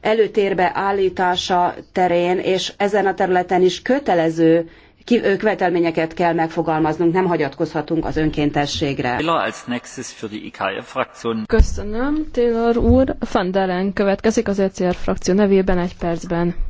előtérbe állítása terén, és ezen a területen is kötelező követelményeket kell megfogalmaznunk, nem hagyatkozhatunk az önkéntességre. Köszönöm, Taylor úr. Van következik az ECR frakció nevében egy percben.